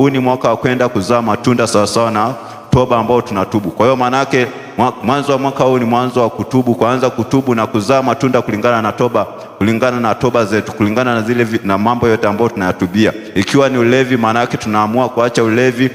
huu ni mwaka wa kwenda kuzaa matunda sawasawa na toba ambao tunatubu. Kwa hiyo maana yake mwanzo wa mwaka huu ni mwanzo wa kutubu, kuanza kutubu na kuzaa matunda kulingana na toba, kulingana na toba zetu, kulingana na zile na mambo yote ambayo tunayatubia. Ikiwa ni ulevi, maana yake tunaamua kuacha ulevi.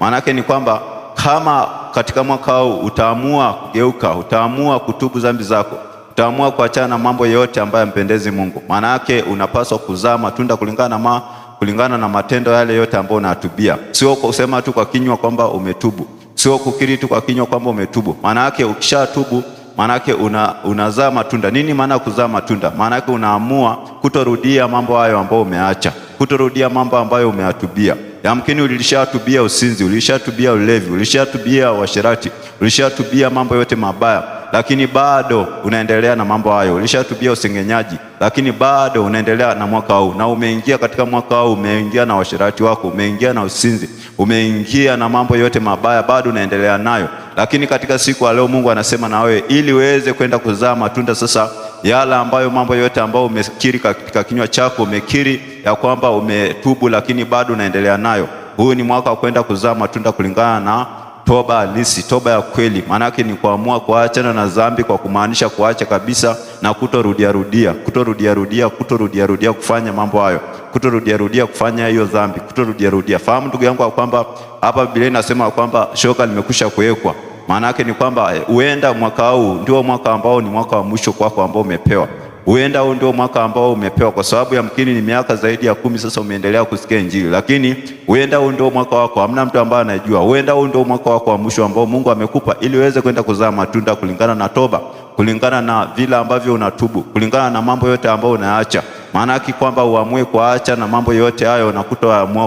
Maana ni kwamba kama katika mwaka huu utaamua kugeuka, utaamua kutubu dhambi zako, utaamua kuachana na mambo yote ambayo yampendezi Mungu, maana yake unapaswa kuzaa matunda kulingana na ma kulingana na matendo yale yote ambayo unatubia, sio kusema tu kwa kinywa kwamba umetubu, sio kukiri tu kwa kinywa kwamba umetubu. Maana yake ukishatubu, maana yake una, unazaa matunda. Nini maana ya kuzaa matunda? Maana yake unaamua kutorudia mambo hayo ambayo umeacha, kutorudia mambo ambayo umeatubia Yamkini ulishatubia usinzi, ulishatubia ulevi, ulishatubia uasherati, ulishatubia mambo yote mabaya lakini bado unaendelea na mambo hayo. Ulishatubia usengenyaji, lakini bado unaendelea na mwaka huu, na umeingia katika mwaka huu, umeingia na washirati wako, umeingia na usinzi, umeingia na mambo yote mabaya, bado unaendelea nayo. Lakini katika siku ya leo Mungu anasema na wewe, ili uweze kwenda kuzaa matunda sasa yale ambayo mambo yote ambayo umekiri katika kinywa chako, umekiri ya kwamba umetubu, lakini bado unaendelea nayo. Huu ni mwaka wa kwenda kuzaa matunda kulingana na toba halisi, toba ya kweli. Maana ni kuamua kuachana na dhambi, kwa kumaanisha kuacha kabisa na kutorudiarudia, kutorudiarudia, kutorudiarudia kufanya mambo hayo, kutorudiarudia kufanya hiyo dhambi, kutorudiarudia. Fahamu ndugu yangu kwamba hapa Biblia inasema kwamba shoka limekwisha kuwekwa. Maana ni kwamba eh, huenda mwaka huu ndio mwaka ambao ni mwaka wa mwisho kwako, ambao umepewa Huenda huu ndio mwaka ambao umepewa, kwa sababu yamkini ni miaka zaidi ya kumi sasa umeendelea kusikia Injili, lakini huenda huu ndio mwaka wako, hamna mtu ambaye anajua. Huenda huu ndio mwaka wako wa mwisho ambao Mungu amekupa ili uweze kwenda kuzaa matunda kulingana na toba, kulingana na vile ambavyo unatubu, kulingana na mambo yote ambayo unaacha. Maana yake kwamba uamue kuacha na mambo yote hayo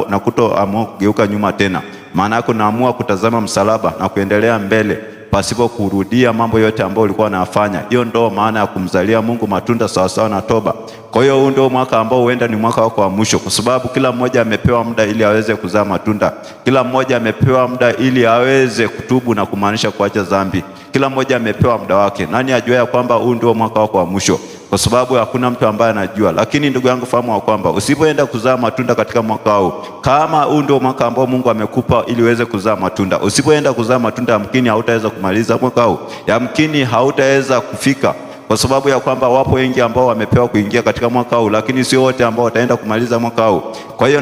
na kutoamua kugeuka nyuma tena, maana yake unaamua kutazama msalaba na kuendelea mbele pasipo kurudia mambo yote ambayo ulikuwa unayafanya. Hiyo ndo maana ya kumzalia Mungu matunda sawasawa na toba. Kwa hiyo huu ndio mwaka ambao huenda ni mwaka wako wa mwisho, kwa sababu kila mmoja amepewa muda ili aweze kuzaa matunda. Kila mmoja amepewa muda ili aweze kutubu na kumaanisha kuacha dhambi. Kila mmoja amepewa muda wake. Nani ajua ya kwamba huu ndio mwaka wako wa mwisho? kwa sababu hakuna mtu ambaye anajua. Lakini ndugu yangu, fahamu kwamba usipoenda kuzaa matunda katika mwaka huu, kama huu ndio mwaka ambao Mungu amekupa ili uweze kuzaa matunda, usipoenda kuzaa matunda, yamkini hautaweza kumaliza mwaka huu, yamkini hautaweza kufika kwa sababu ya kwamba wapo wengi ambao wamepewa kuingia katika mwaka huu, lakini sio wote ambao wataenda kumaliza mwaka huu. Kwa hiyo